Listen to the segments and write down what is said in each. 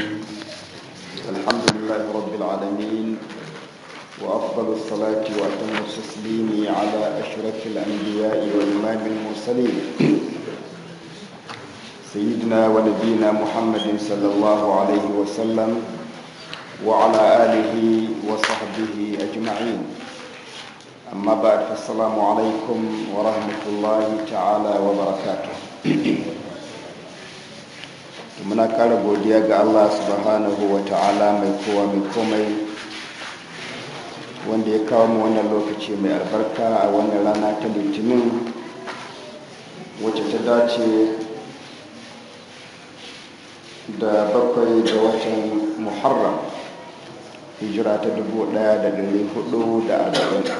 الحمد لله رب العالمين وأفضل الصلاة وأتم التسليم على أشرف الأنبياء وإمام المرسلين سيدنا ونبينا محمد صلى الله عليه وسلم وعلى آله وصحبه أجمعين أما بعد فالسلام عليكم ورحمة الله تعالى وبركاته muna ƙara godiya ga allah subhanahu wa ta'ala mai kowa mai komai wanda ya kawo mu wannan lokaci mai albarka a wannan rana ta litinin wacce ta dace da bakwai da watan muharram hijira ta dubu da da hudu 1440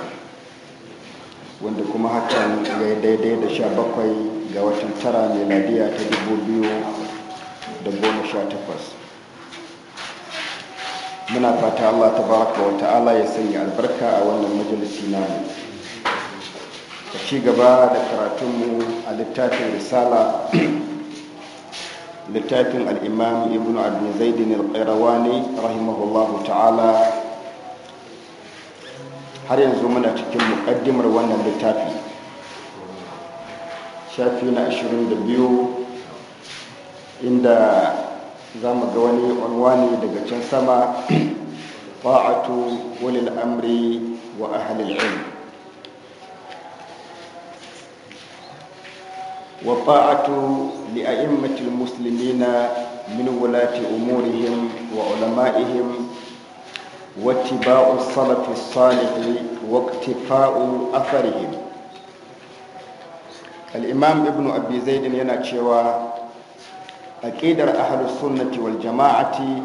wanda kuma hakan ya daidai da sha bakwai ga watan tara mai nadiya ta dubu biyu. da goma sha takwas muna fata allah ta baraka wa ta'ala ya sanya albarka a wannan majalisi na da ci gaba da karatunmu a littafin risala littafin al'imam ibn abin zaidin al-qayrawani rahimahullahu ta'ala har yanzu muna cikin muƙaddimar wannan littafi shafi na 22 inda za mu ga wani unwani daga can sama fa'atu wani amri wa ahalil ilm wa fa'atu li a'immatil muslimina min wulati umurihim wa ulama'ihim واتباع الصلف الصالح واقتفاء أثرهم الإمام ابن أبي زيد يناتشوا aƙidar ahalus sunnati wal jama'ati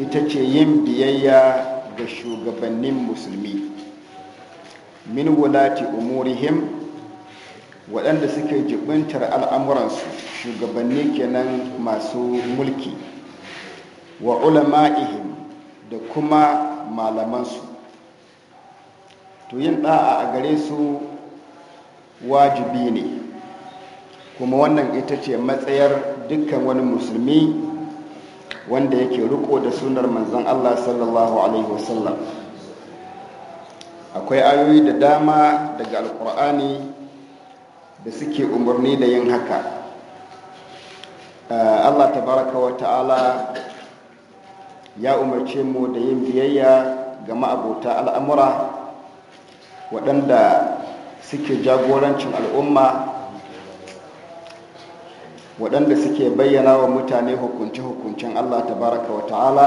ita ce yin biyayya ga shugabannin musulmi min wulati umurihim waɗanda suke jibintar al'amuransu shugabanni kenan masu mulki wa ulama'ihim da kuma malamansu to yin ɗa'a a gare su wajibi ne kuma wannan ita ce matsayar dukkan wani musulmi wanda yake riko da sunar manzon Allah sallallahu alaihi wasallam akwai ayoyi da dama daga alkur'ani da suke umarni da yin haka eh, Allah Ta baraka wa ta'ala ya umarce mu da yin biyayya ga ma'abota al'amura waɗanda suke jagorancin al'umma waɗanda suke bayyana wa mutane hukunce-hukuncen allah tabaraka wa ta'ala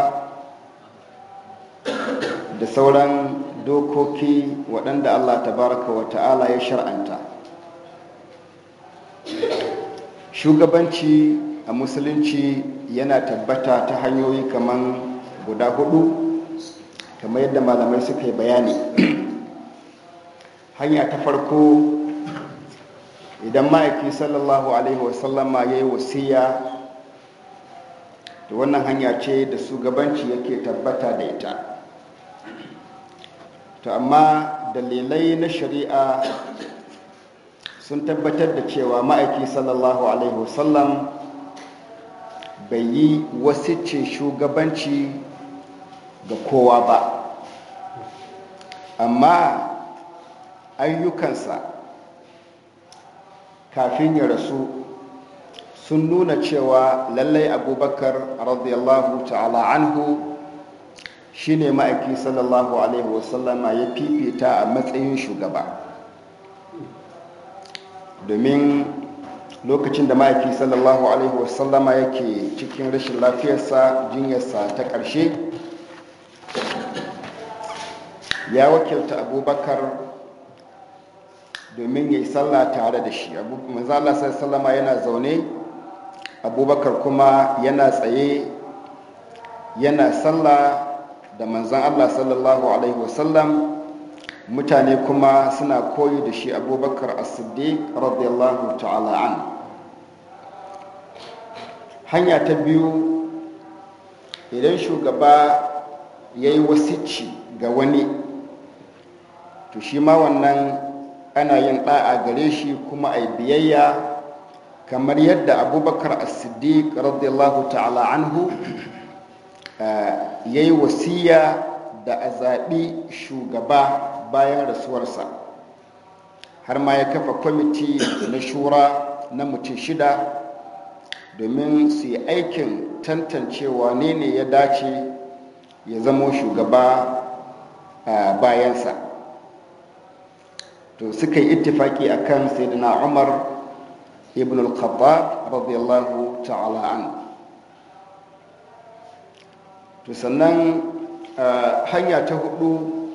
da sauran dokoki waɗanda allah tabaraka wa ta'ala ya shar'anta shugabanci a musulunci yana tabbata ta hanyoyi kamar guda hudu kamar yadda malamai suka yi bayani hanya ta farko idan ma'aiki sallallahu alaihi wasallama ya yi wasiya da wannan hanya ce da shugabanci yake tabbata da ita to amma dalilai na shari'a sun tabbatar da cewa ma'aiki sallallahu alaihi wasallam bai yi wasicin shugabanci ga kowa ba amma ayyukansa kafin ya rasu sun nuna cewa lallai abubakar radiyallahu ta'ala anhu shine ma'aiki sallallahu alaihi wasallama ya fifita a matsayin shugaba domin lokacin da ma'aiki sallallahu alaihi wasallama yake cikin rashin lafiyarsa jinyarsa ta ƙarshe ya wakilta abubakar domin ya yi sallah tare da shi manzala sallama yana zaune abubakar kuma yana tsaye yana sallah da manzan allah sallallahu alaihi wasallam mutane kuma suna koyi da shi abubakar as-siddiq radiyallahu ta'ala an hanya ta biyu idan shugaba ya yi wasici ga wani to shi ma wannan ana yin ɗa'a gare shi kuma a biyayya kamar yadda abubakar as-siddiq radiyallahu ta'ala anhu eh, ya yi wasiya da a zaɓi shugaba bayan rasuwarsa har ma ya kafa kwamiti na shura na mutum shida domin su yi aikin tantancewa ne ya dace ya zamo shugaba eh, bayansa to suka yi ittifaki kan sayyidina Umar ibn al-Khattab radiyallahu ta'ala an to sannan hanya ta hudu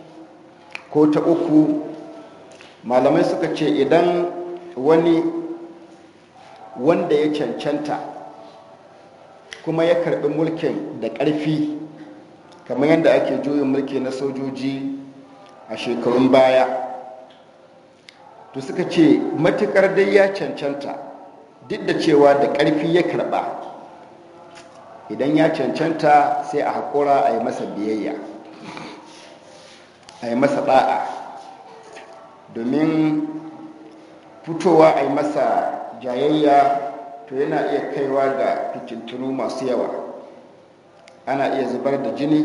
ko ta uku malamai suka ce idan wani wanda ya cancanta kuma ya karbi mulkin da ƙarfi kamar yadda ake juyin mulki na sojoji a shekarun baya to suka ce matukar dai ya cancanta duk da cewa da ƙarfi ya karɓa idan ya cancanta sai a haƙura a yi masa biyayya a yi masa ɗa'a domin fitowa a yi masa jayayya to yana iya kaiwa ga fitintunu masu yawa ana iya zubar da jini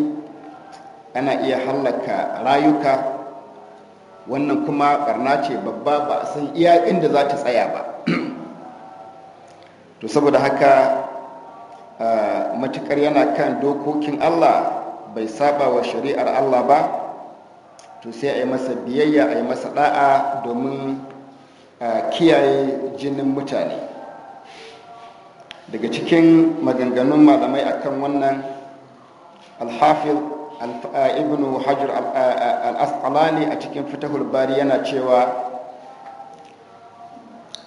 ana iya hallaka rayuka wannan kuma barna ce babba ba a san iya inda za ta tsaya ba to saboda haka matukar yana kan dokokin allah bai saba wa shari'ar allah ba to sai a yi masa biyayya a yi masa da'a domin kiyaye jinin mutane daga cikin maganganun malamai akan wannan alhafiz Uh, ibnu hajar al uh, uh, a cikin fitahul bari yana cewa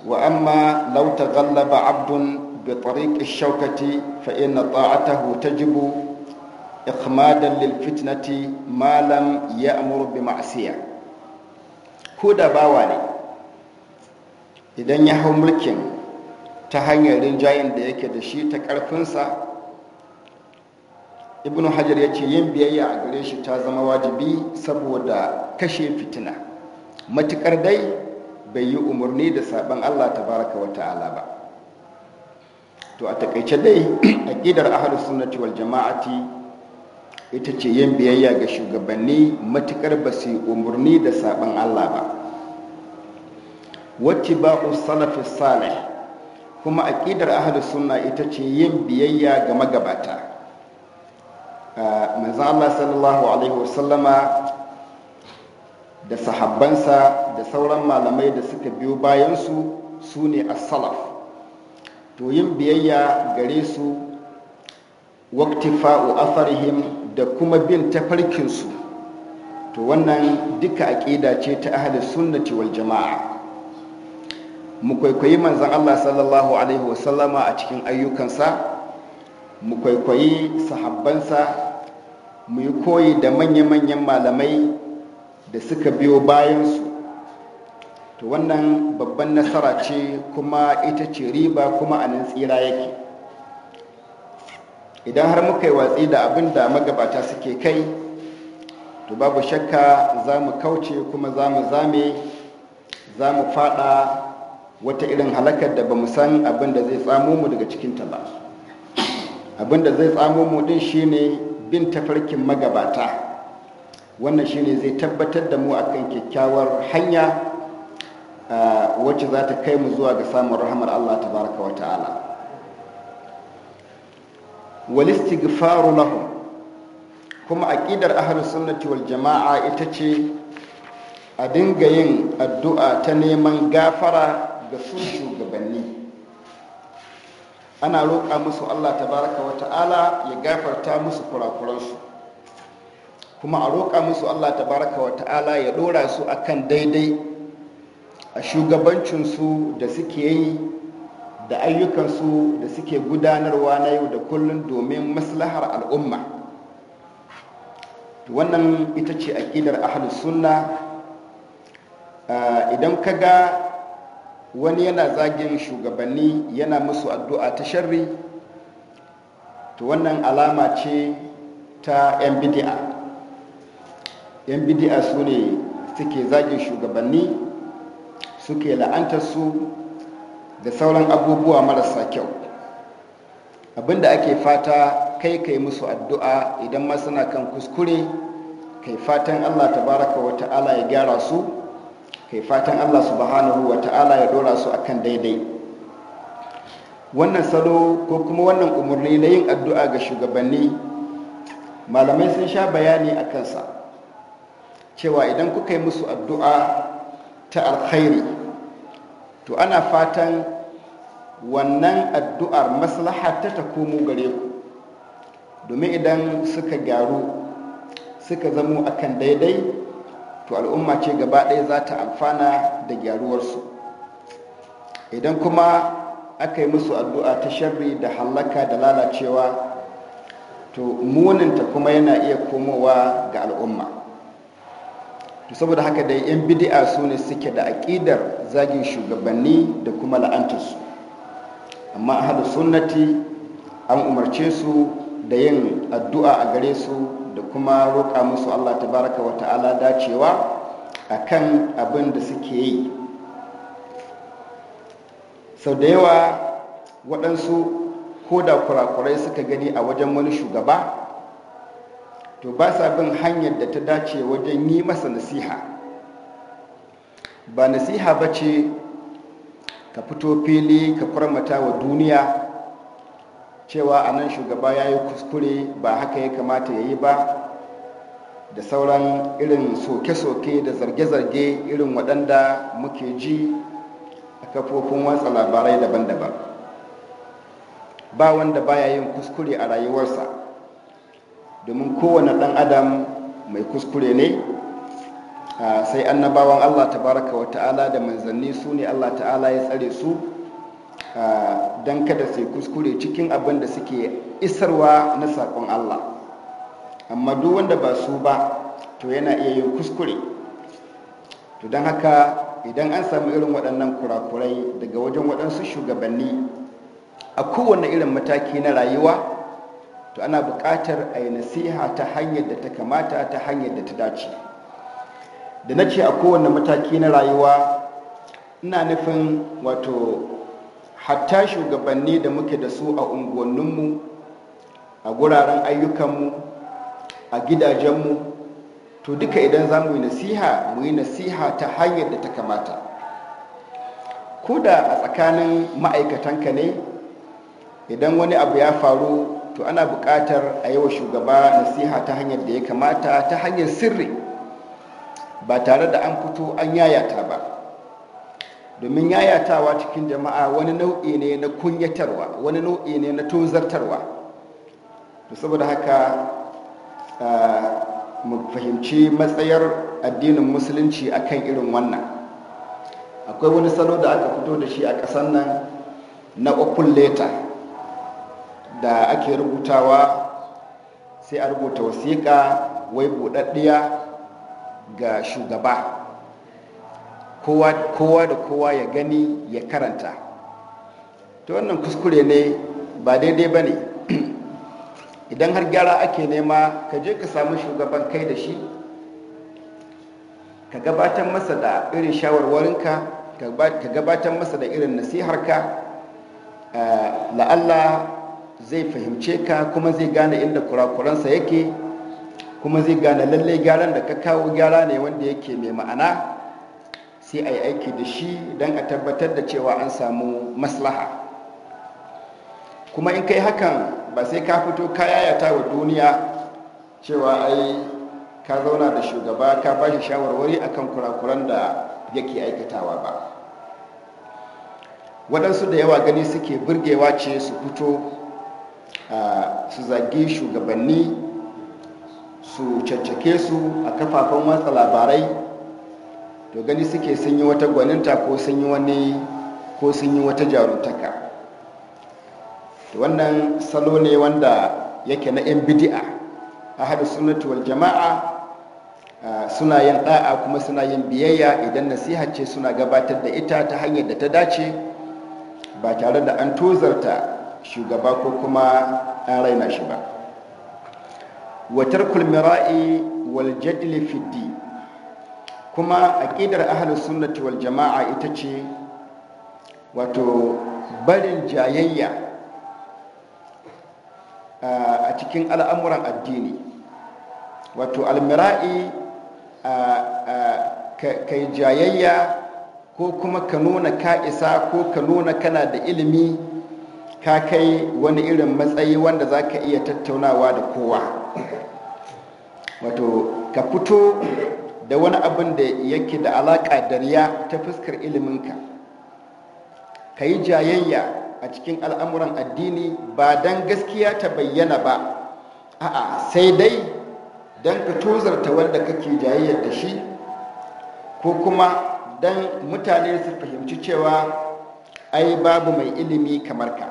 wa amma law taghallaba 'abdun bi tariq ash-shawkati fa inna ta'atahu tajibu ikhmadan lil fitnati malam ya amuru bi ma'asiya ko da bawa ne idan ya hau mulkin ta hanyar rinjayen da yake da shi ta ƙarfinsa. ibnu hajar ya ce yin biyayya a gare shi ta zama wajibi saboda kashe fitina matukar dai bai yi umarni da sabon allah ta baraka wa ta'ala ba to a takaice dai aƙidar ahalus sunnati wal jama'ati ita ce yin biyayya ga shugabanni matukar ba su umarni da sabon allah ba wacce ku salafi salih kuma ƙidar ahalus sunna ita ce yin biyayya ga magabata Eh, manzo Allah sallallahu alaihi wasallama da sahabbansa da sauran malamai da suka biyo bayansu su ne as-salaf to yin biyayya gare su waktifa'u atharihim da kuma bin tafarkinsu to wannan duka aƙida ce ta ahli sunnati wal jama'a mu kwaikwayi manzon Allah sallallahu alaihi wasallama a cikin ayyukansa mu kwaikwayi sahabbansa mu yi koyi da manya-manyan malamai da suka biyo bayansu to wannan babban nasara ce kuma ita ce riba kuma a nan tsira yake idan har muka yi watsi da abin da magabata suke kai to babu shakka za mu kauce kuma za mu zame za mu fada wata irin halakar da ba mu san abin da zai tsamo mu daga cikinta ba abin da zai tsamo mu din shine bin tafarkin magabata wannan shine zai tabbatar da mu akan kyakkyawar hanya ah, wacce za ta kai mu zuwa ga samun rahamar Allah Ta tabaraka wa ta'ala wal faru lahum kuma aqidar ahlus sunnati wal jama'a ita ce a dinga yin addu'a ta neman gafara ga su shugabanni ana roƙa musu allah tabaraka wa ta'ala ya gafarta musu kurakuransu kuma a roƙa musu allah tabaraka wa ta'ala ya ɗora su akan daidai a shugabancinsu da suke yi da ayyukansu da suke gudanarwa na yau da kullum domin maslahar al'umma wannan ita ce aƙidar ahalus sunna ah, idan ka ga wani yana zagin shugabanni yana musu addu'a ta sharri to wannan alama ce ta 'yan bidi'a yan bidi'a su ne suke zagin shugabanni suke la'antarsu da sauran abubuwa marasa kyau abinda ake fata kai kai musu addu'a idan ma suna kan kuskure kai fatan allah tabaraka wata ta'ala ya gyara su kai fatan allah subhanahu wa ta'ala ya dora su akan daidai wannan salo ko kuma wannan umarni na yin addu'a ga shugabanni malamai sun sha bayani a kansa cewa idan kuka yi musu addu'a ta alkhairi to ana fatan wannan addu'ar maslaha ta ta komo gare ku domin idan suka gyaru suka zamo akan daidai to al'umma ce gaba ɗaya za ta amfana da gyaruwarsu idan kuma aka yi musu addu'a ta sharri da hallaka da lalacewa to muninta kuma yana iya komowa ga al'umma to saboda haka dai 'yan bidi'a su ne suke da aƙidar zagin shugabanni da kuma la'antarsu amma a sunnati an umarce su da yin addu'a a gare su da kuma roƙa musu allah tabaraka wa ta'ala dacewa a kan abin da suke yi sau da yawa waɗansu ko da kurakurai suka gani a wajen wani shugaba to ba sa bin hanyar da ta dace wajen yi masa nasiha ba nasiha ba ce ka fito fili ka kurmata wa duniya cewa a nan shugaba ya yi kuskure ba haka ya kamata ya yi ba da sauran irin soke-soke da zarge-zarge irin waɗanda muke ji a kafofin watsa labarai daban-daban ba wanda baya yin kuskure a rayuwarsa domin kowane ɗan adam mai kuskure ne ah, sai annabawan allah tabaraka wa ta'ala da manzanni su ne allah ta'ala ya tsare su don kada sai kuskure cikin abin da suke isarwa na saƙon Allah amma duk wanda ba su ba to yana iya yin kuskure to don haka idan an samu irin waɗannan kurakurai daga wajen waɗansu shugabanni a kowane irin mataki na rayuwa to ana buƙatar a yi nasiha ta hanyar da ta kamata ta hanyar da ta dace da na ce a kowane mataki na rayuwa ina nufin wato hatta shugabanni da muke da su a unguwanninmu a guraren ayyukanmu a gidajenmu to duka idan za mu yi nasiha mu yi nasiha ta hanyar da ta kamata ko da a tsakanin ma'aikatanka ne idan wani abu ya faru to ana buƙatar a yi wa shugaba nasiha ta hanyar da ya kamata ta hanyar sirri ba tare da an fito an yayata ba domin yayatawa cikin jama'a wani nau'i ne na kunyatarwa wani nau'i ne na tozartarwa saboda haka mu fahimci matsayar addinin musulunci akan irin wannan akwai wani salo da aka fito da shi a ƙasar nan na open letter da ake rubutawa sai a rubuta wasiƙa wai buɗaɗɗiya ga shugaba kowa da kowa ya gani ya karanta ta wannan kuskure ne ba daidai ba ne idan har gyara ake nema ka je ka samu shugaban kai da shi ka gabatar masa da irin shawarwarinka ka gabatar masa da irin nasiharka ah, la'alla zai fahimce ka kuma zai gane inda kurakuransa yake kuma zai gane lallai gyaran da ka kawo gyara ne wanda yake mai ma'ana sai a yi aiki da shi don a tabbatar da cewa an samu maslaha kuma in kai hakan ba sai ka fito ka yayata wa duniya cewa ai ka zauna da shugaba ka ba shi shawarwari akan kurakuran da yake aikatawa ba waɗansu da yawa gani suke burgewa ce su fito su zagi shugabanni su cancake su a kafafen watsa labarai to gani suke sun yi wata gwaninta ko sun yi wani ko sun yi wata jarutaka to wannan salo ne wanda yake na 'yan bidi'a a haɗu sunatu wal jama'a suna yin ɗa'a kuma suna yin biyayya idan nasiha ce suna gabatar da ita ta hanyar da ta dace ba tare da an tozarta shugaba ko kuma an raina shi ba watar kulmira'i wal jadli fiddi kuma aƙidar ahalus sunnati wal jama'a ita ce wato barin jayayya ah, a cikin al'amuran addini wato almira'i ah, ah, kai jayayya ko kuma ka nuna ka isa ko ka nuna kana da ilimi ka kai wani irin matsayi wanda za ka iya tattaunawa da kowa wato ka fito da wani abin da yake da alaƙa da riya ta fuskar iliminka ka yi jayayya a cikin al'amuran addini ba don gaskiya ta bayyana ba a'a sai dai don ka tozarta wanda kake jayayyar da shi ko kuma don mutane su fahimci cewa ai babu mai ilimi kamar ka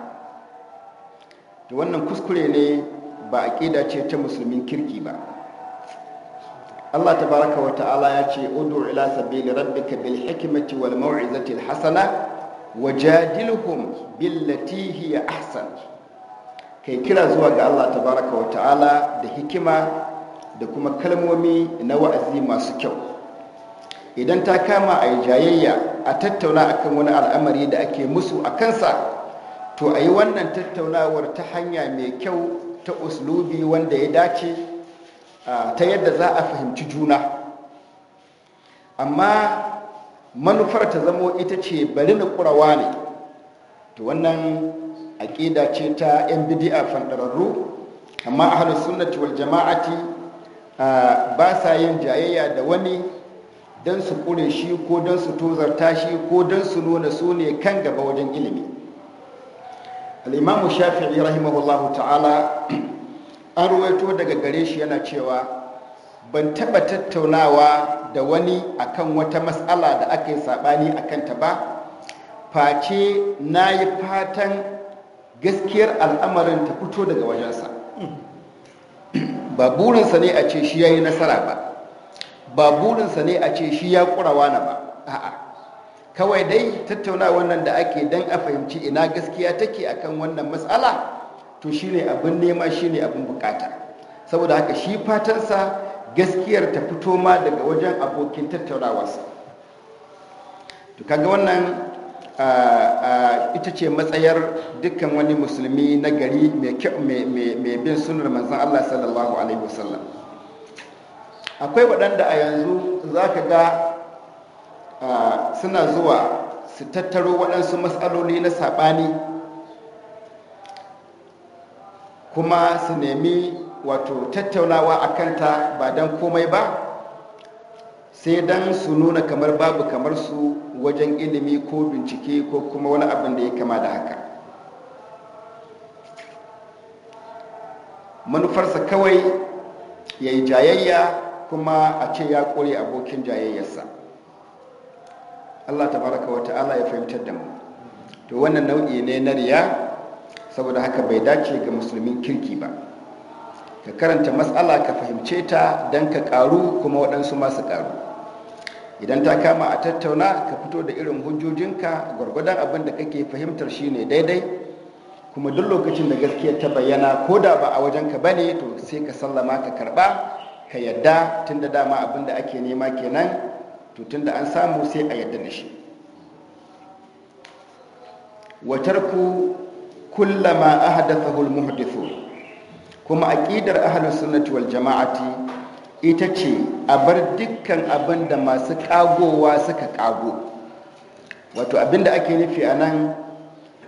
da wannan kuskure ne ba a ce ta musulmin kirki ba Allah tabaraka wa ta'ala ya ce udu ila sabili rabbika bil hikimati wal mau'izati al hasana bil billati hiya ahsan kai kira zuwa ga Allah tabaraka wa ta'ala da hikima da kuma kalmomi na wa'azi masu kyau idan ta kama a yi jayayya a tattauna akan wani al'amari da ake musu a kansa to a yi wannan tattaunawar ta hanya mai kyau ta uslubi wanda ya dace ta yadda za a fahimci juna amma manufar ta zamo ita ce bari na kurawa ne to wannan aƙida ce ta 'yan bidi'a fanɗararru. amma a halin sunnati wal jama'ati ba sa yin jayayya da wani don su ƙure shi ko don su tozarta shi ko don su nuna su ne kan gaba wajen ilimi al'imamu shafi'i rahimahullahu ta'ala an ruwaito daga gare shi yana cewa ban taɓa tattaunawa da wani akan wata matsala da aka yi saɓani a kanta ba face na yi fatan gaskiyar al'amarin ta fito daga wajensa ba ne a ce shi ya yi nasara ba ba ne a ce shi ya kurawa na ba a'a kawai dai tattauna wannan da ake don a fahimci ina gaskiya take akan wannan matsala to shine abin nema shine abin bukata saboda haka shi fatansa gaskiyar ta fito ma daga wajen abokin tattaunawarsa to kaga wannan ita ce matsayar dukkan wani musulmi na gari mai bin sunar manzan Allah sallallahu alaihi wasallam akwai waɗanda a yanzu za ka ga suna zuwa su tattaro waɗansu matsaloli na saɓani kuma su nemi wato tattaunawa a kanta ba don komai ba sai don su nuna kamar babu kamar su wajen ilimi ko bincike ko kuma wani abin da ya kama da haka manufarsa kawai ya yi jayayya kuma a ce ya kore abokin jayayyarsa allah Ta baraka wa ta'ala ya fahimtar da mu to wannan nau'i ne na riya saboda haka bai dace ga musulmin kirki ba ka karanta matsala ka fahimce ta don ka karu kuma waɗansu masu karu idan ta kama a tattauna ka fito da irin hujjojinka gwargwadon abin da kake fahimtar shi ne daidai kuma duk lokacin da gaskiya ta bayyana ko da ba a wajenka ba ne to sai ka sallama ka karɓa ka yadda tun da dama abin da ake nema kenan to tun da an samu sai a yadda da shi watarku kullama ahdathahu muhdithu kuma aqidar ahlus sunnati wal jama'ati ita ce a bar dukkan abin da masu kagowa suka kago wato abin da ake nufi a nan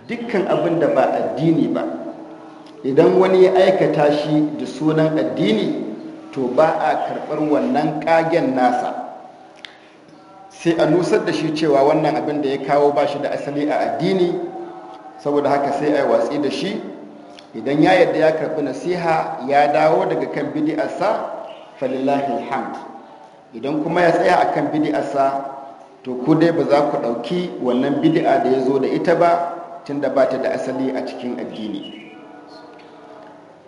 dukkan abin da ba addini ba idan wani ya aikata shi da sunan addini to ba a karɓar wannan kagen nasa sai a nusar da shi cewa wannan abin da ya kawo ba shi da asali a addini saboda haka sai a yi watsi da shi idan ya yadda ya karɓi nasiha ya dawo daga kan fa falillahi hamd idan kuma ya tsaya a akan sa, to ku dai ba za ku ɗauki wannan bidi'a da ya zo da ita ba tunda ba ta da asali a cikin addini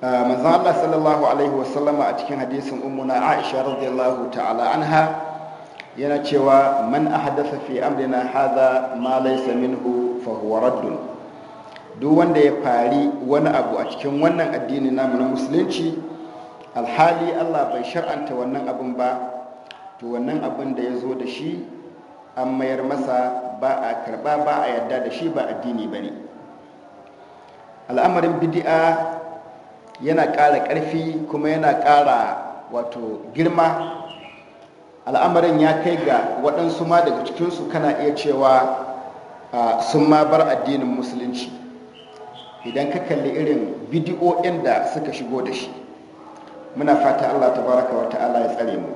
ah, manzan Allah sallallahu alaihi wasallama a cikin hadisin ummuna Aisha radiyallahu ta'ala anha yana cewa man a fi amrina haza ma laysa minhu fa huwa duk wanda ya fari wani abu a cikin wannan addini namu na musulunci alhali allah bai shar'anta wannan abin ba to wannan abin da ya zo da shi an mayar masa ba a karba ba a yadda da shi ba addini ba ne al'amarin bidi'a yana ƙara ƙarfi kuma yana ƙara wato girma al'amarin ya kai ga waɗansu ma daga cikinsu kana iya cewa ah, sun ma bar addinin musulunci idan ka kalli irin bidiyo da suka shigo da shi muna fata allah ta tabaraka wa ta'ala ya tsare mu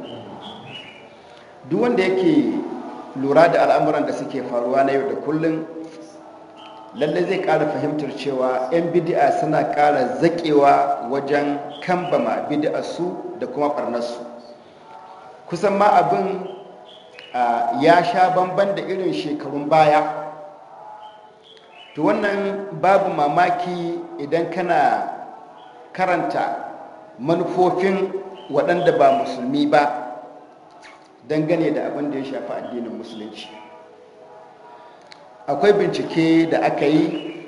duk wanda yake lura da al'amuran da suke faruwa na yau da kullum lalle zai kara fahimtar cewa 'yan bidi'a suna kara zaƙewa wajen kambama bidi'arsu da kuma ɓarnarsu kusan ma abin ya sha bamban da irin shekarun baya to wannan babu mamaki idan kana karanta manufofin waɗanda ba musulmi ba dangane da abin da ya shafi addinin musulunci akwai bincike da aka yi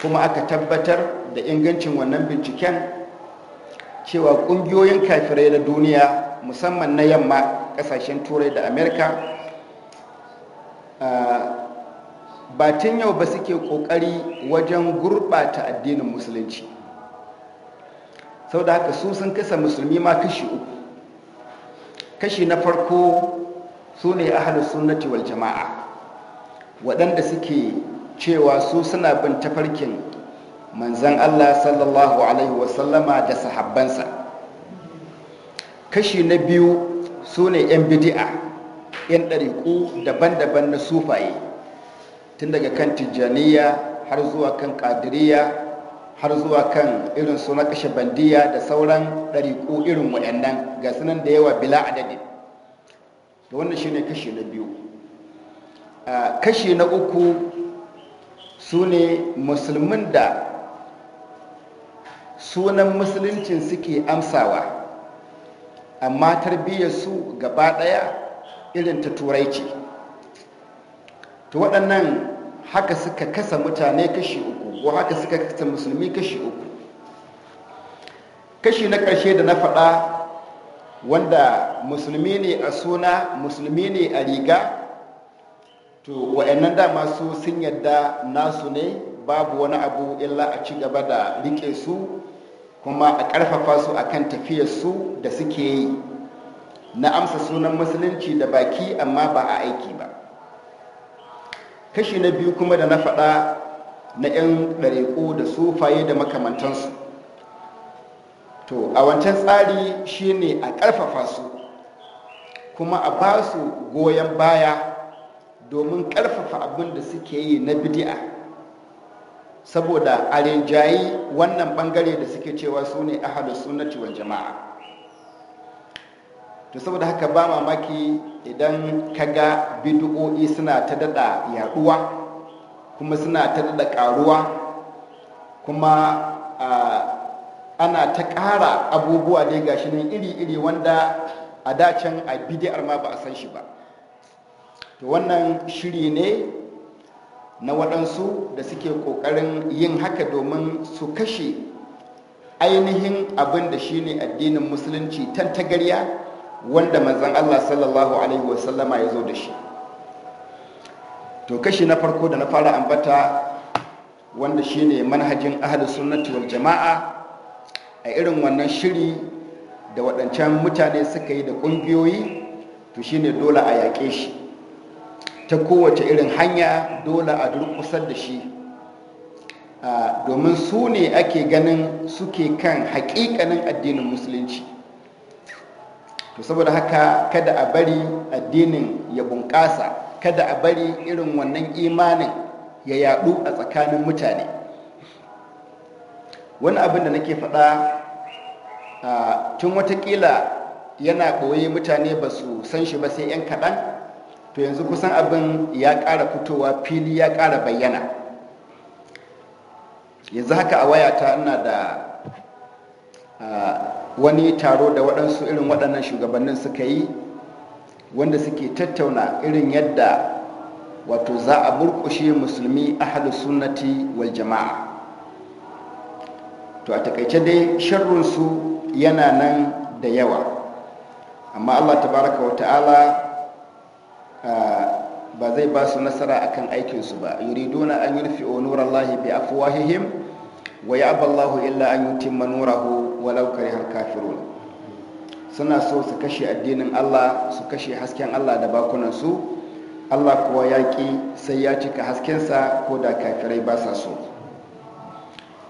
kuma aka tabbatar da ingancin wannan binciken cewa ƙungiyoyin kafirai na duniya musamman na yamma ƙasashen turai da amerika ah, ba tun yau ba suke ƙoƙari wajen gurɓata addinin musulunci sau da haka su sun kasa musulmi ma kashi uku kashi na farko su ne ahalus sunnati wal jama'a waɗanda suke cewa su suna bin tafarkin manzan allah sallallahu alaihi wasallama da sahabbansa kashi na biyu su ne 'yan bidi'a 'yan ɗariƙu daban-daban na sufaye tun daga kan tijjaniya har zuwa kan kadiriya har zuwa kan irin su kashe bandiya da sauran ɗariƙu irin waɗannan ga sunan da yawa bila adadi da wannan shine kashi na biyu kashi na uku su ne musulmin da sunan musuluncin suke amsawa amma su gaba ɗaya irin ta turai ce to waɗannan haka suka kasa mutane kashi uku ko haka suka kasa musulmi kashi uku kashi na ƙarshe da na faɗa wanda musulmi ne a suna musulmi ne a riga to wa'annan dama su sun yadda nasu ne babu wani abu illa a ci gaba da riƙe su kuma a ƙarfafa su a kan su da suke yi na amsa sunan musulunci da baki amma ba a aiki ba kashi na biyu kuma da na faɗa na 'yan ɗariƙo da sufaye da makamantansu to a wancan tsari shine a ƙarfafa su kuma a ba su goyon baya domin ƙarfafa abin da suke yi na bidi'a saboda a rinjayi wannan ɓangare da suke cewa su ne a sunnati wal jama'a to saboda haka ba mamaki idan ka ga bidu'o'i suna ta daɗa yaɗuwa kuma suna ta daɗa ƙaruwa kuma ana ta kara abubuwa dai gashi nan iri-iri wanda a dacen a bidiyar ma ba a san shi ba to wannan shiri ne na waɗansu da suke ƙoƙarin yin haka domin su kashe ainihin abin da shine addinin musulunci tantagarya wanda manzan Allah sallallahu alaihi wasallama ya zo da shi to kashi na farko da na fara ambata wanda shi ne manhajin ahlus sunnati wal jama'a a irin wannan shiri da waɗancan mutane suka yi da ƙungiyoyi to shi ne dole a yaƙe shi ta kowace irin hanya dole a durƙusar da shi ah, domin su ne ake ganin suke kan haƙiƙanin addinin musulunci to saboda haka kada a bari addinin ya bunƙasa kada a bari irin wannan imanin ya yaɗu a tsakanin mutane wani abin da nake faɗa tun watakila yana ɓoye mutane ba su san shi ba sai 'yan kaɗan to yanzu kusan abin ya ƙara fitowa fili ya ƙara bayyana yanzu haka a wayata ina da Ah, wani taro da waɗansu irin waɗannan shugabannin suka yi wanda suke tattauna irin yadda wato za a burkushe musulmi ahalus sunnati wal jama'a to a takaice dai sharrunsu yana nan da yawa amma allah tabaraka wa ta'ala ah, ba zai ba su nasara akan aikinsu ba yuriduna an yi yurfi onurallahi bi afwahihim Wai abu illa an yutimma nurahu walaukar har kafiru suna so su kashe addinin Allah su kashe hasken Allah da bakunansu Allah kuwa yaƙi sai ya cika haskensa ko da kafirai ba sa so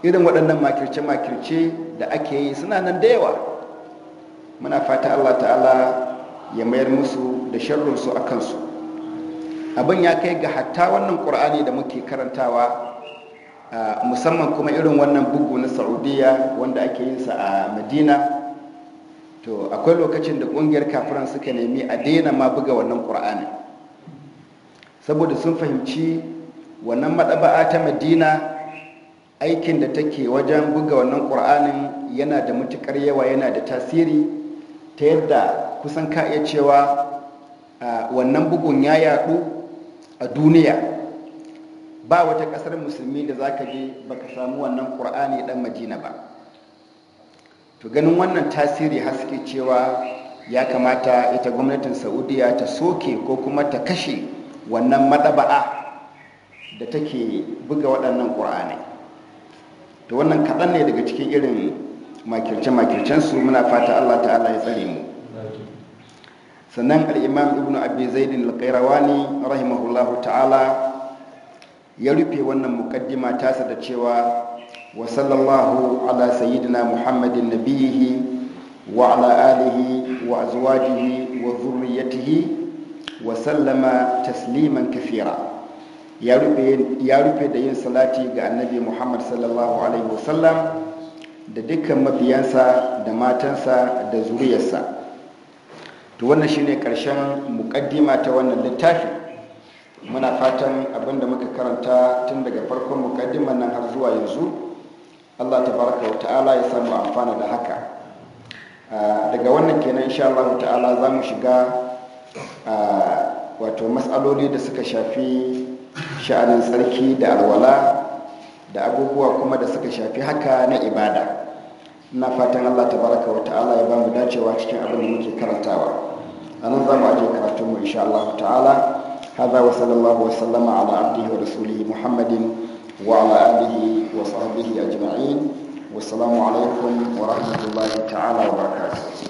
irin waɗannan makirce-makirce da ake yi suna nan da yawa muna fata Allah ta'ala ya mayar musu da sharrunsu a kansu abin ya kai ga hatta wannan ƙur'ani da muke karantawa musamman kuma irin wannan bugu na saudiya wanda ake yin sa a madina to akwai lokacin da kungiyar kafiran suka nemi a daina ma buga wannan kur'ani saboda sun fahimci wannan maɗaba'a ta madina aikin da take wajen buga wannan kur'anin yana da matuƙar yawa yana da tasiri ta yadda kusan ka iya cewa wannan bugun ya yaɗu a duniya ba wata ƙasar musulmi da za ka je baka samu wannan ƙur'ani ɗan madina ba to ganin wannan tasiri haske cewa ya kamata ita gwamnatin saudiya ta soke ko kuma ta kashe wannan maɗaba'a da take buga waɗannan ƙur'anai to wannan kaɗan ne daga cikin irin makirce su muna fata allah ta'ala ya tsare mu sannan al'imam ibn abi zaidin al rahimahullahu ta'ala ya rufe wannan mukaddima tasa da cewa wa sallallahu ala sayyidina muhammadin nabihi wa ala alihi wa azwajihi wa zurriyatihi wa sallama tasliman kafira ya rufe da yin salati ga annabi muhammad sallallahu alaihi wasallam da dukkan mabiyansa da matansa da zuriyarsa to wannan shine karshen mukaddima ta wannan littafi muna fatan abinda muka karanta tun daga farkon mukaddiman nan har zuwa yanzu allah tabaraka wa ta'ala ya samu amfana da haka ah, daga wannan kenan insha Allah ta'ala za mu shiga ah, wato matsaloli da suka shafi sha'anin tsarki da alwala da abubuwa kuma da suka shafi haka na ibada na fatan allah tabaraka wa ta'ala ya bamu dacewa cikin abin da muke karantawa a nan za mu aje karatunmu insha Allah ta'ala هذا وصلى الله وسلم على عبده ورسوله محمد وعلى آله وصحبه أجمعين والسلام عليكم ورحمة الله تعالى وبركاته